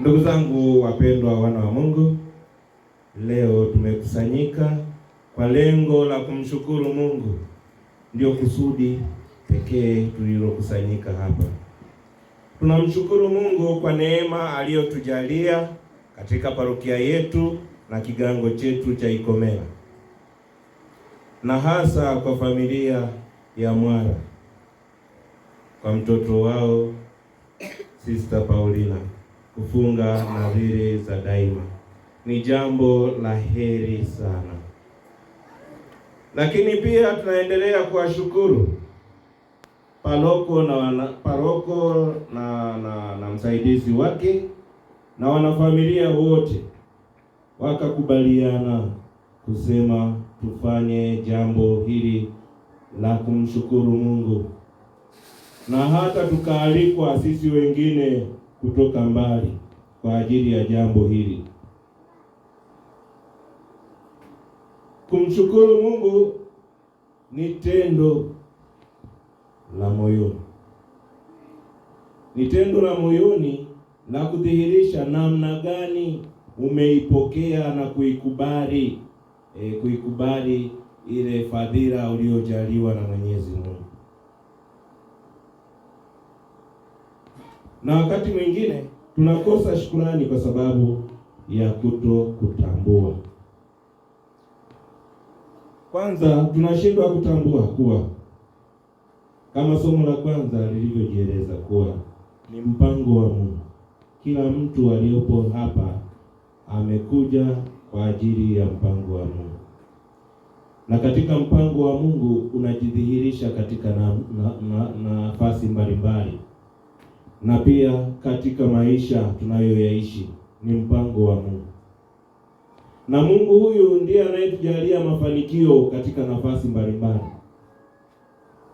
Ndugu zangu wapendwa, wana wa Mungu, leo tumekusanyika kwa lengo la kumshukuru Mungu. Ndio kusudi pekee tulilokusanyika hapa. Tunamshukuru Mungu kwa neema aliyotujalia katika parokia yetu na kigango chetu cha Ikomela, na hasa kwa familia ya Mwara, kwa mtoto wao Sister Paulina kufunga nadhiri za daima ni jambo la heri sana, lakini pia tunaendelea kuwashukuru paroko na paroko na, na, na msaidizi wake na wanafamilia wote wakakubaliana kusema tufanye jambo hili la kumshukuru Mungu na hata tukaalikwa sisi wengine kutoka mbali kwa ajili ya jambo hili. Kumshukuru Mungu ni tendo la moyoni, ni tendo la moyoni la kudhihirisha namna gani umeipokea na kuikubali e, kuikubali ile fadhila uliyojaliwa na Mwenyezi Mungu. na wakati mwingine tunakosa shukurani kwa sababu ya kuto kutambua. Kwanza tunashindwa kutambua kuwa kama somo la kwanza lilivyojieleza kuwa ni mpango wa Mungu, kila mtu aliyopo hapa amekuja kwa ajili ya mpango wa Mungu, na katika mpango wa Mungu unajidhihirisha katika na, na, na, nafasi mbalimbali na pia katika maisha tunayoyaishi ni mpango wa Mungu, na Mungu huyu ndiye anayetujalia mafanikio katika nafasi mbalimbali,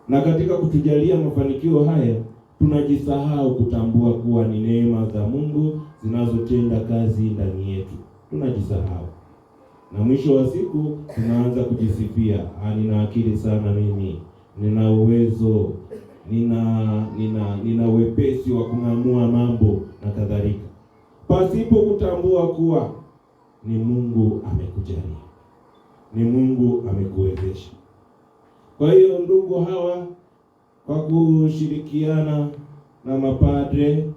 na katika kutujalia mafanikio haya tunajisahau kutambua kuwa ni neema za Mungu zinazotenda kazi ndani yetu. Tunajisahau na mwisho wa siku tunaanza kujisifia, ah, nina akili sana mimi, nina uwezo, nina nina nina wepesi wa kung'amua mambo na kadhalika, pasipo kutambua kuwa ni Mungu amekujalia, ni Mungu amekuwezesha. Kwa hiyo ndugu hawa kwa kushirikiana na mapadre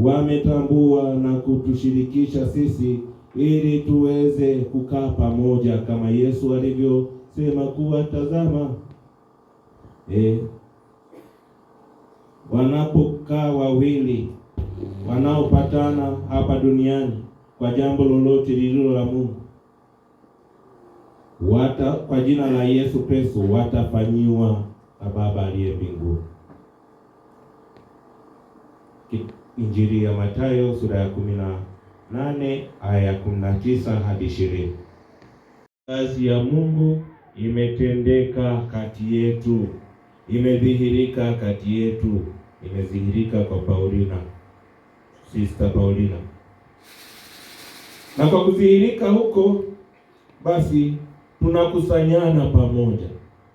wametambua na kutushirikisha sisi ili tuweze kukaa pamoja kama Yesu alivyosema kuwa tazama, eh wanapokaa wawili wanaopatana hapa duniani kwa jambo lolote lililo la Mungu wata kwa jina la Yesu Kristo watafanyiwa na Baba aliye mbinguni. Injili ya Mathayo sura ya kumi na nane aya ya kumi na tisa hadi ishirini. Kazi ya Mungu imetendeka kati yetu, imedhihirika kati yetu imedhihirika kwa Paulina, Sister Paulina. Na kwa kudhihirika huko, basi tunakusanyana pamoja,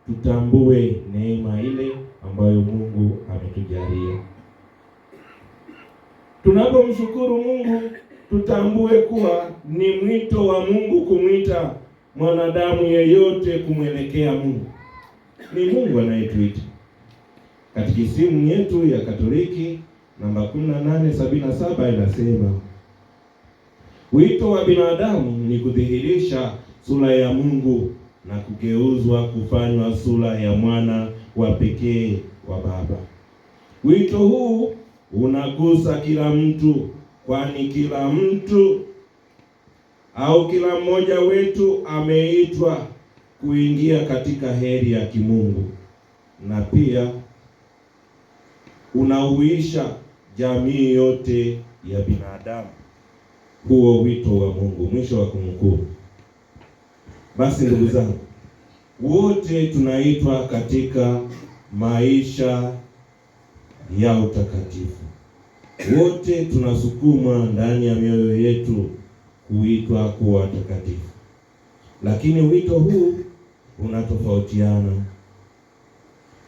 tutambue neema ile ambayo Mungu ametujalia. Tunapomshukuru Mungu, tutambue kuwa ni mwito wa Mungu kumwita mwanadamu yeyote kumwelekea Mungu. Ni Mungu anayetuita. Katekisimu yetu ya Katoliki namba 1877 inasema wito wa binadamu ni kudhihirisha sura ya Mungu na kugeuzwa kufanywa sura ya mwana wa pekee wa Baba. Wito huu unagusa kila mtu, kwani kila mtu au kila mmoja wetu ameitwa kuingia katika heri ya kimungu na pia unahuisha jamii yote ya binadamu huo wito wa Mungu. Mwisho wa kumkuu. Basi ndugu zangu, wote tunaitwa katika maisha ya utakatifu, wote tunasukumwa ndani ya mioyo yetu kuitwa kuwa watakatifu, lakini wito huu unatofautiana.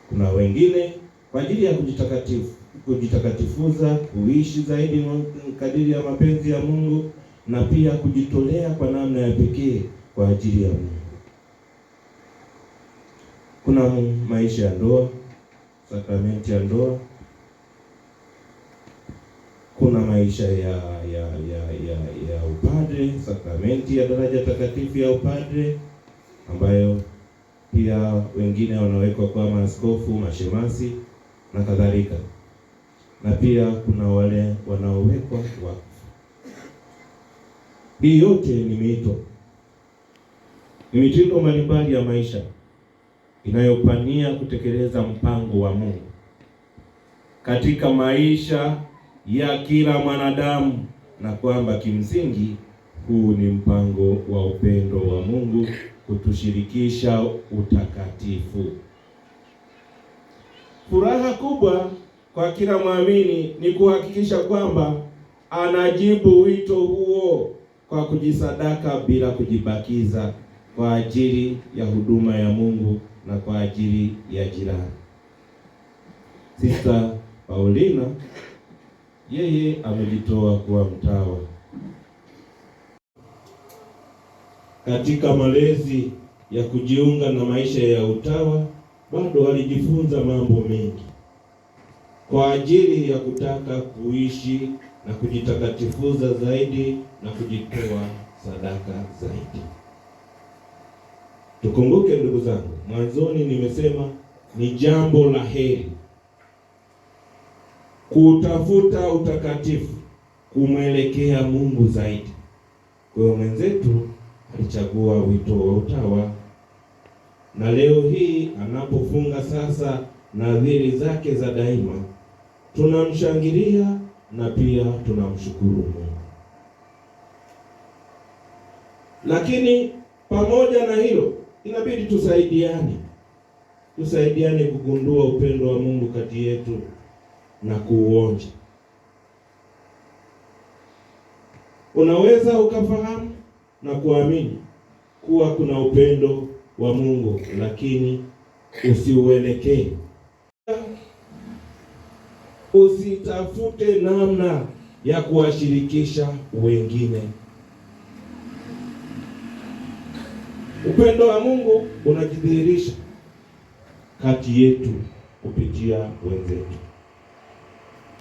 Kuna wengine kwa ajili ya kujitakatifu, kujitakatifuza, kuishi zaidi kadiri ya mapenzi ya Mungu na pia kujitolea kwa namna ya pekee kwa ajili ya Mungu. Kuna maisha ya ndoa, sakramenti ya ndoa, kuna maisha ya ya ya ya, ya upadre, sakramenti ya daraja takatifu ya upadre ambayo pia wengine wanawekwa kwa maaskofu, mashemasi na kadhalika, na pia kuna wale wanaowekwa wakfu. Hii yote ni miito, ni mitindo mbalimbali ya maisha inayopania kutekeleza mpango wa Mungu katika maisha ya kila mwanadamu, na kwamba kimsingi huu ni mpango wa upendo wa Mungu kutushirikisha utakatifu. Furaha kubwa kwa kila mwamini ni kuhakikisha kwamba anajibu wito huo kwa kujisadaka bila kujibakiza kwa ajili ya huduma ya Mungu na kwa ajili ya jirani. Sister Paulina yeye amejitoa kuwa mtawa katika malezi ya kujiunga na maisha ya utawa bado walijifunza mambo mengi kwa ajili ya kutaka kuishi na kujitakatifuza zaidi na kujitoa sadaka zaidi. Tukumbuke ndugu zangu, mwanzoni nimesema ni jambo la heri kutafuta utakatifu, kumwelekea Mungu zaidi. Kwa hiyo mwenzetu alichagua wito wa utawa na leo hii anapofunga sasa nadhiri zake za daima, tunamshangilia na pia tunamshukuru Mungu. Lakini pamoja na hilo, inabidi tusaidiane, tusaidiane kugundua upendo wa Mungu kati yetu na kuuonja. Unaweza ukafahamu na kuamini kuwa kuna upendo wa Mungu, lakini usiuelekee, usitafute namna ya kuwashirikisha wengine. Upendo wa Mungu unajidhihirisha kati yetu kupitia wenzetu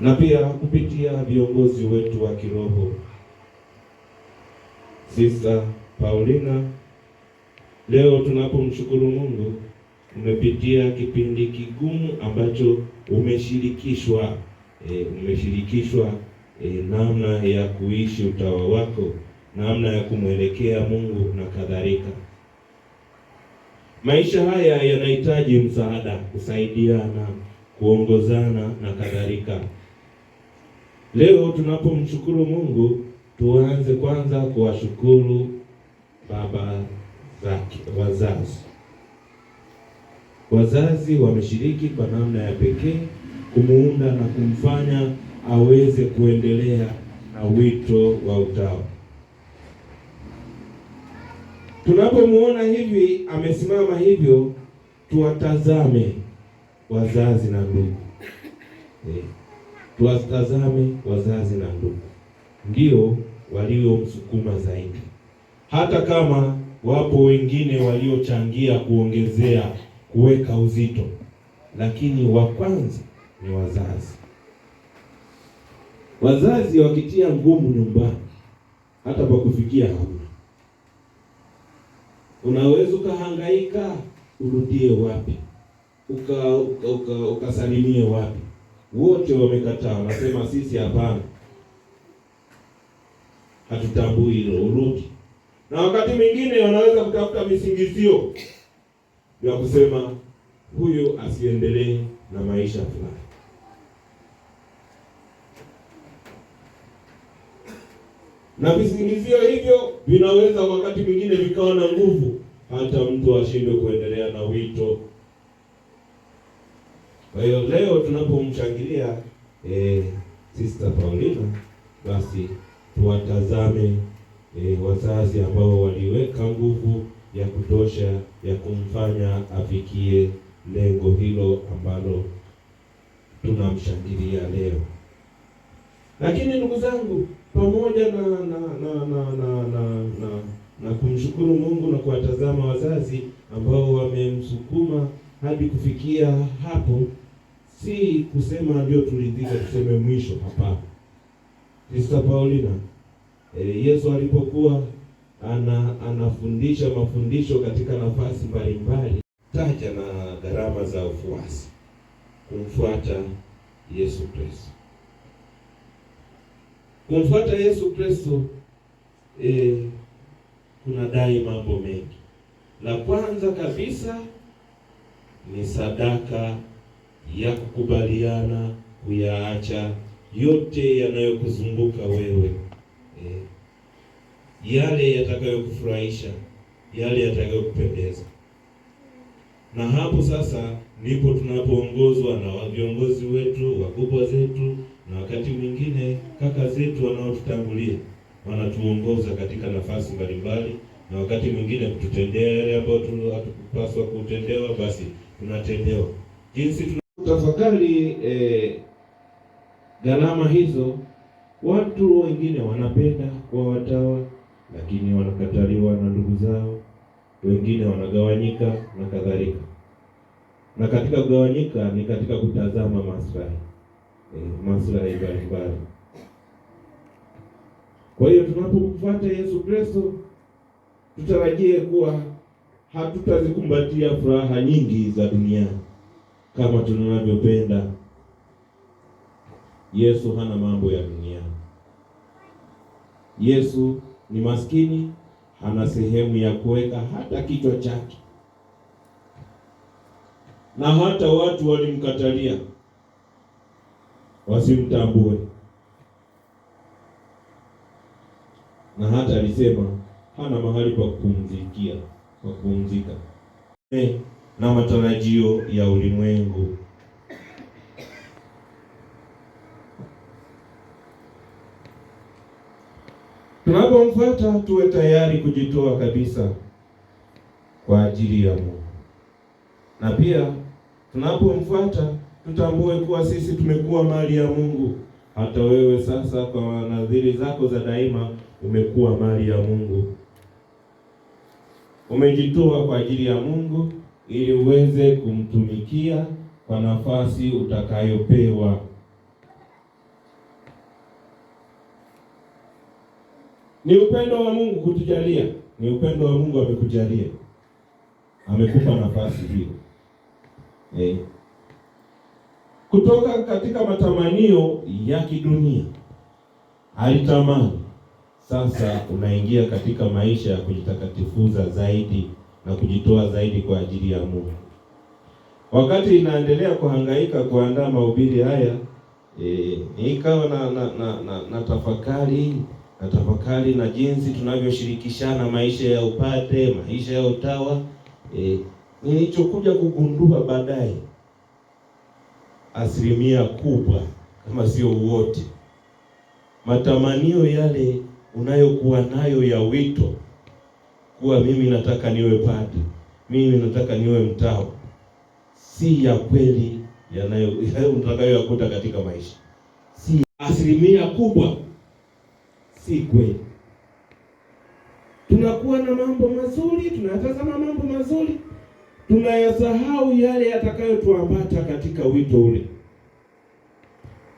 na pia kupitia viongozi wetu wa kiroho. Sister Paulina Leo tunapomshukuru Mungu, umepitia kipindi kigumu ambacho umeshirikishwa e, umeshirikishwa e, namna ya kuishi utawa wako, namna ya kumwelekea Mungu na kadhalika. Maisha haya yanahitaji msaada, kusaidiana, kuongozana na kadhalika. Leo tunapomshukuru Mungu, tuanze kwanza kuwashukuru Baba zake wazazi. Wazazi wameshiriki kwa namna ya pekee kumuunda na kumfanya aweze kuendelea na wito wa utawa. Tunapomuona hivi amesimama hivyo, tuwatazame wazazi na ndugu e, tuwatazame wazazi na ndugu ndio waliomsukuma zaidi, hata kama Wapo wengine waliochangia kuongezea kuweka uzito, lakini wa kwanza ni wazazi. Wazazi wakitia ngumu nyumbani, hata pa kufikia hamna. Unaweza ukahangaika, urudie wapi? uka ukasalimie uka, uka wapi? Wote wamekataa, wanasema sisi hapana, hatutambui hilo, urudi na wakati mwingine wanaweza kutafuta misingizio vya kusema huyu asiendelee na maisha fulani. Na visingizio hivyo vinaweza wakati mwingine vikawa na nguvu hata mtu ashindwe kuendelea na wito. Kwa hiyo leo tunapomshangilia eh, Sister Paulina basi tuwatazame e, wazazi ambao waliweka nguvu ya kutosha ya kumfanya afikie lengo hilo ambalo tunamshangilia leo. Lakini ndugu zangu, pamoja na na na na na, na, na, na kumshukuru Mungu na kuwatazama wazazi ambao wamemsukuma hadi kufikia hapo, si kusema ndio turidhika, tuseme mwisho. Hapana, Sista Paulina E, Yesu alipokuwa ana, anafundisha mafundisho katika nafasi mbalimbali, taja na gharama za ufuasi kumfuata Yesu Kristo. Kumfuata Yesu Kristo e, kuna dai mambo mengi. La kwanza kabisa ni sadaka ya kukubaliana kuyaacha yote yanayokuzunguka wewe Eh? yale yatakayokufurahisha, yale yatakayokupendeza. Na hapo sasa ndipo tunapoongozwa na viongozi wetu, wakubwa zetu, na wakati mwingine kaka zetu wanaotutangulia wanatuongoza katika nafasi mbalimbali, na wakati mwingine kututendea yale ambayo hatukupaswa kutendewa, basi tunatendewa jinsi tunatafakari eh, gharama hizo Watu wengine wanapenda kuwa watawa, lakini wanakataliwa na ndugu zao, wengine wanagawanyika na kadhalika. Na katika kugawanyika ni katika kutazama maslahi e, maslahi mbalimbali. Kwa hiyo tunapomfuata Yesu Kristo, tutarajie kuwa hatutazikumbatia furaha nyingi za dunia kama tunavyopenda. Yesu hana mambo ya dunia. Yesu ni maskini, hana sehemu ya kuweka hata kichwa chake, na hata watu walimkatalia wasimtambue, na hata alisema hana mahali pa kupumzikia pa kupumzika na matarajio ya ulimwengu. Tunapomfuata tuwe tayari kujitoa kabisa kwa ajili ya Mungu, na pia tunapomfuata tutambue kuwa sisi tumekuwa mali ya Mungu. Hata wewe sasa kwa nadhiri zako za daima umekuwa mali ya Mungu, umejitoa kwa ajili ya Mungu ili uweze kumtumikia kwa nafasi utakayopewa. Ni upendo wa Mungu kutujalia, ni upendo wa Mungu amekujalia, amekupa nafasi hiyo eh. Kutoka katika matamanio ya kidunia alitamani, sasa unaingia katika maisha ya kujitakatifuza zaidi na kujitoa zaidi kwa ajili ya Mungu. Wakati inaendelea kuhangaika kuandaa mahubiri haya eh, ikawa na, na, na, na, na tafakari na tafakari na jinsi tunavyoshirikishana maisha ya upate, maisha ya utawa. E, nilichokuja kugundua baadaye, asilimia kubwa kama sio wote, matamanio yale unayokuwa nayo ya wito kuwa mimi nataka niwe padri, mimi nataka niwe mtawa, si ya kweli yanayo utakayoyakuta katika maisha, si asilimia kubwa si kweli. Tunakuwa na mambo mazuri, tunayatazama mambo mazuri, tunayasahau yale yatakayotuambata katika wito ule.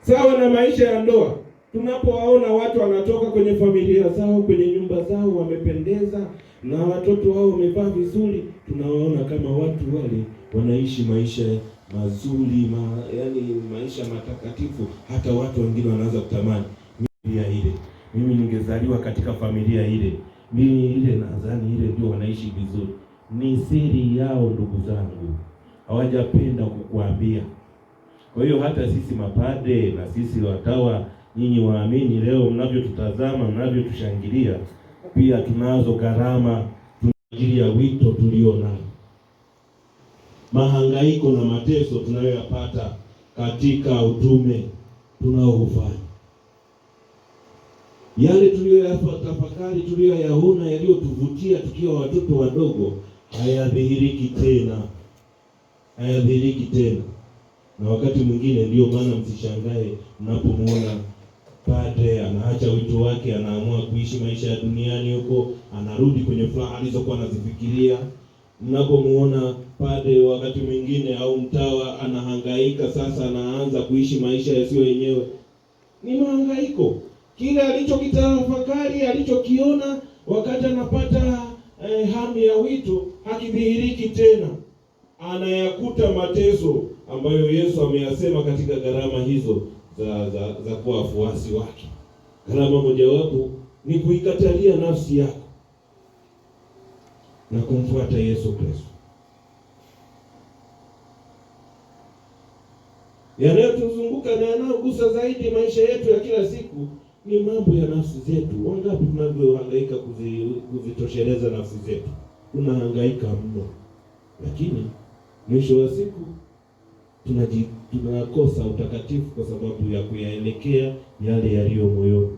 Sawa na maisha ya ndoa, tunapowaona watu wanatoka kwenye familia zao, kwenye nyumba zao, wamependeza na watoto wao wamevaa vizuri, tunawaona kama watu wale wanaishi maisha mazuri ma, yani maisha matakatifu, hata watu wengine wanaanza kutamani ya ile mimi ningezaliwa katika familia ile, mimi ile nadhani ile ndio wanaishi vizuri. Ni siri yao, ndugu zangu, hawajapenda kukuambia. Kwa hiyo hata sisi mapade na sisi watawa, nyinyi waamini, leo mnavyotutazama, mnavyotushangilia, pia tunazo gharama ajili ya wito tulio nao, mahangaiko na mateso tunayoyapata katika utume tunaoufanya. Yale tuliyoyatafakari, tuliyoyaona, yaliyotuvutia tukiwa watoto wadogo, hayadhihiriki tena, hayadhihiriki tena. Na wakati mwingine, ndiyo maana msishangae mnapomwona padre anaacha wito wake, anaamua kuishi maisha ya duniani huko, anarudi kwenye furaha alizokuwa anazifikiria. mnapomwona padre wakati mwingine au mtawa anahangaika, sasa anaanza kuishi maisha yasiyo yenyewe, ni mahangaiko kile alichokitafakari alichokiona wakati anapata eh, hamu ya wito hakidhihiriki tena, anayakuta mateso ambayo Yesu ameyasema katika gharama hizo za za, za kuwa wafuasi wake. Gharama mojawapo ni kuikatalia nafsi yako na kumfuata Yesu Kristo. Yanayotuzunguka na yanayogusa zaidi maisha yetu ya kila siku ni mambo ya nafsi zetu. Wangapi tunavyohangaika kuzitosheleza nafsi zetu, unahangaika mno, lakini mwisho wa siku tunaji tunakosa utakatifu kwa sababu ya kuyaelekea yale yaliyo moyoni.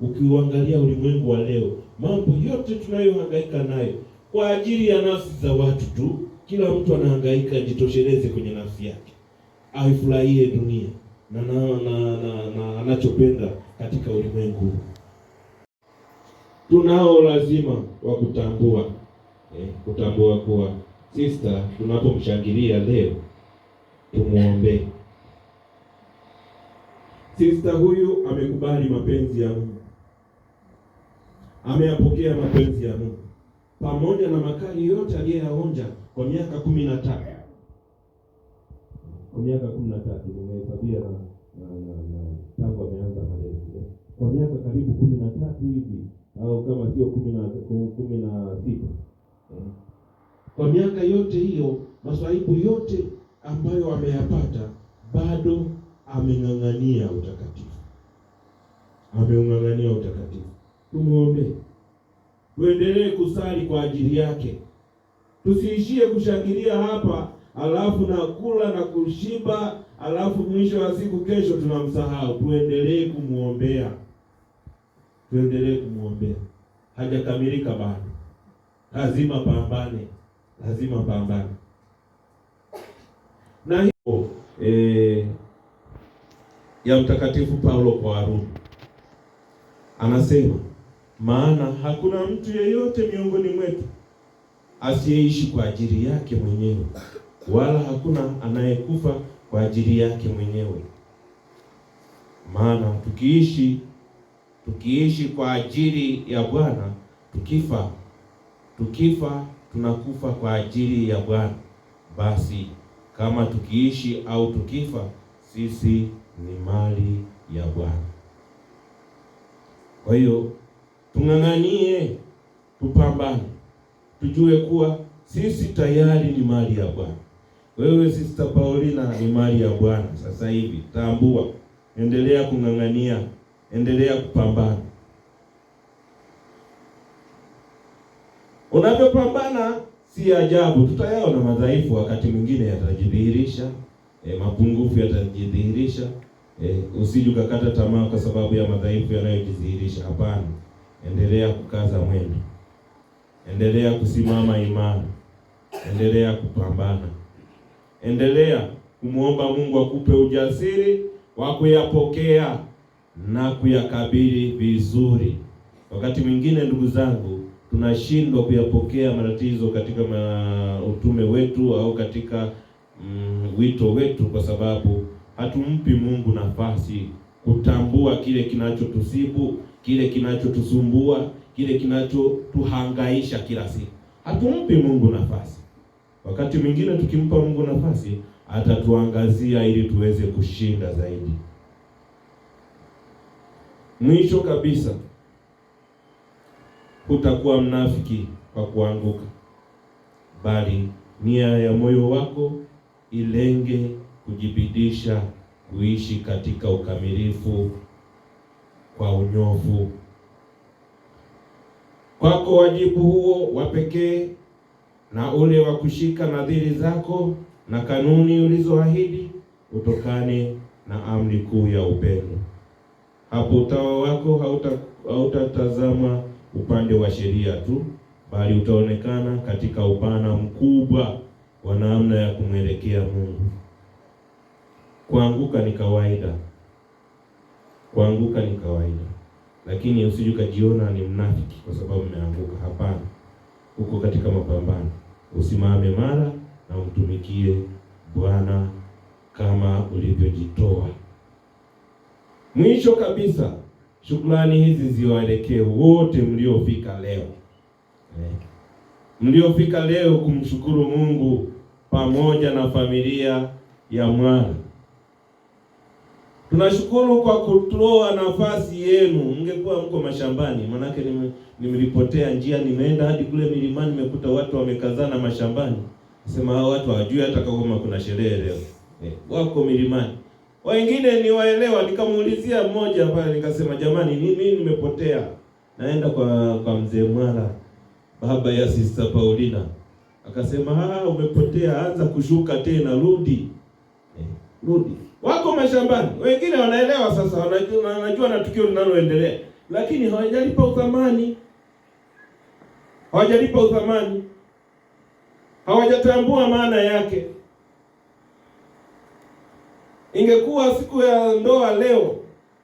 Ukiuangalia ulimwengu wa leo, mambo yote tunayohangaika nayo kwa ajili ya nafsi za watu tu. Kila mtu anahangaika ajitosheleze kwenye nafsi yake, aifurahie dunia na na na anachopenda na, na, na, katika ulimwengu. Tunao lazima wa kutambua eh, kutambua kuwa sister tunapomshangilia leo tumuombe sister huyu. Amekubali mapenzi ya Mungu, ameyapokea mapenzi ya Mungu pamoja na makali yote aliyoyaonja kwa miaka kumi na tatu kwa miaka kumi na tatu nimehesabia na, na, na, na kwa miaka karibu kumi na tatu hivi au kama sio kumi na kumi na sita mm. Kwa miaka yote hiyo maswahibu yote ambayo ameyapata bado ameng'ang'ania utakatifu, ameung'ang'ania utakatifu. Tumwombee, tuendelee kusali kwa ajili yake, tusiishie kushangilia hapa alafu na kula na kushiba alafu mwisho wa siku kesho tunamsahau. Tuendelee kumwombea tuendelee kumwombea, hajakamilika bado, lazima pambane, lazima pambane na hiyo e, ya Mtakatifu Paulo kwa Warumi anasema, maana hakuna mtu yeyote miongoni mwetu asiyeishi kwa ajili yake mwenyewe, wala hakuna anayekufa kwa ajili yake mwenyewe. Maana tukiishi tukiishi kwa ajili ya Bwana, tukifa tukifa tunakufa kwa ajili ya Bwana. Basi kama tukiishi au tukifa, sisi ni mali ya Bwana. Kwa hiyo tung'ang'anie, tupambane, tujue kuwa sisi tayari ni mali ya Bwana. Wewe sister Paulina ni mali ya Bwana sasa hivi, tambua, endelea kung'ang'ania endelea kupambana. Unavyopambana si ajabu tutayaona madhaifu, wakati mwingine yatajidhihirisha, e, mapungufu yatajidhihirisha. E, usije ukakata tamaa kwa sababu ya madhaifu yanayojidhihirisha. Hapana, endelea kukaza mwendo, endelea kusimama imara, endelea kupambana, endelea kumwomba Mungu akupe ujasiri wa kuyapokea na kuyakabili vizuri. Wakati mwingine, ndugu zangu, tunashindwa kuyapokea matatizo katika ma utume wetu au katika mm, wito wetu, kwa sababu hatumpi Mungu nafasi kutambua kile kinachotusibu, kile kinachotusumbua, kile kinachotuhangaisha kila siku. Hatumpi Mungu nafasi. Wakati mwingine tukimpa Mungu nafasi, atatuangazia ili tuweze kushinda zaidi. Mwisho kabisa, hutakuwa mnafiki kwa kuanguka, bali nia ya moyo wako ilenge kujibidisha kuishi katika ukamilifu kwa unyofu. Kwako wajibu huo wa pekee na ule wa kushika nadhiri zako na kanuni ulizoahidi utokane na amri kuu ya upendo. Hapo utawa wako hauta hautatazama upande wa sheria tu, bali utaonekana katika upana mkubwa wa namna ya kumwelekea Mungu. Kuanguka ni kawaida, kuanguka ni kawaida, lakini usije ukajiona ni mnafiki kwa sababu umeanguka. Hapana, uko katika mapambano. Usimame mara na umtumikie Bwana kama ulivyojitoa. Mwisho kabisa, shukrani hizi ziwaelekee wote mliofika leo eh, mliofika leo kumshukuru Mungu pamoja na familia ya Mwana. Tunashukuru kwa kutoa nafasi yenu. Mngekuwa mko mashambani, manake nimelipotea njia, nimeenda hadi kule milimani, nimekuta watu wamekazana mashambani, sema hao watu hawajui hata kama kuna sherehe leo eh, wako milimani wengine ni waelewa. Nikamuulizia mmoja pale, nikasema jamani, mimi nimepotea, naenda kwa kwa mzee Mwala, baba ya sister Paulina. Akasema ah, umepotea, anza kushuka tena, rudi eh, rudi. Wako mashambani, wengine wanaelewa sasa, wanajua, wanajua na tukio linaloendelea, lakini hawajalipa uthamani, hawajalipa uthamani, hawajatambua maana yake. Ingekuwa siku ya ndoa leo,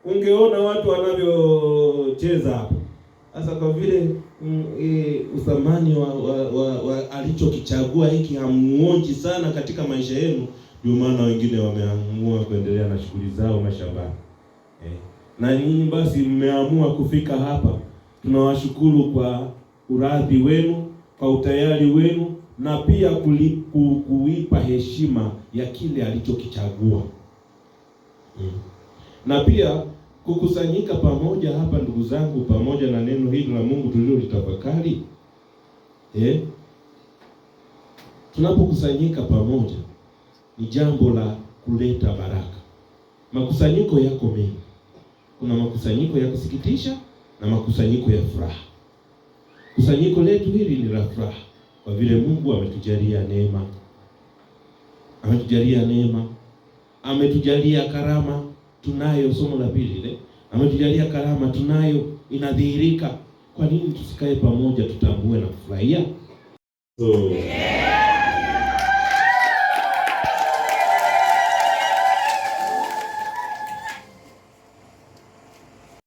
ungeona watu wanavyocheza hapo. Sasa kwa vile mm, e, uthamani wa, wa, wa, wa alichokichagua hiki hamuonji sana katika maisha yenu, ndio maana wengine wameamua kuendelea na shughuli zao mashambani eh. Na nyinyi basi mmeamua kufika hapa, tunawashukuru kwa uradhi wenu, kwa utayari wenu na pia kuipa heshima ya kile alichokichagua. Mm. na pia kukusanyika pamoja hapa, ndugu zangu, pamoja na neno hili la Mungu tulilolitafakari eh? Tunapokusanyika pamoja ni jambo la kuleta baraka. Makusanyiko yako mengi, kuna makusanyiko ya kusikitisha na makusanyiko ya furaha. Kusanyiko letu hili ni la furaha kwa vile Mungu ametujalia neema, ametujalia neema ametujalia karama, tunayo. Somo la pili ile, ametujalia karama, tunayo, inadhihirika. Kwa nini tusikae pamoja, tutambue na kufurahia? so, yeah.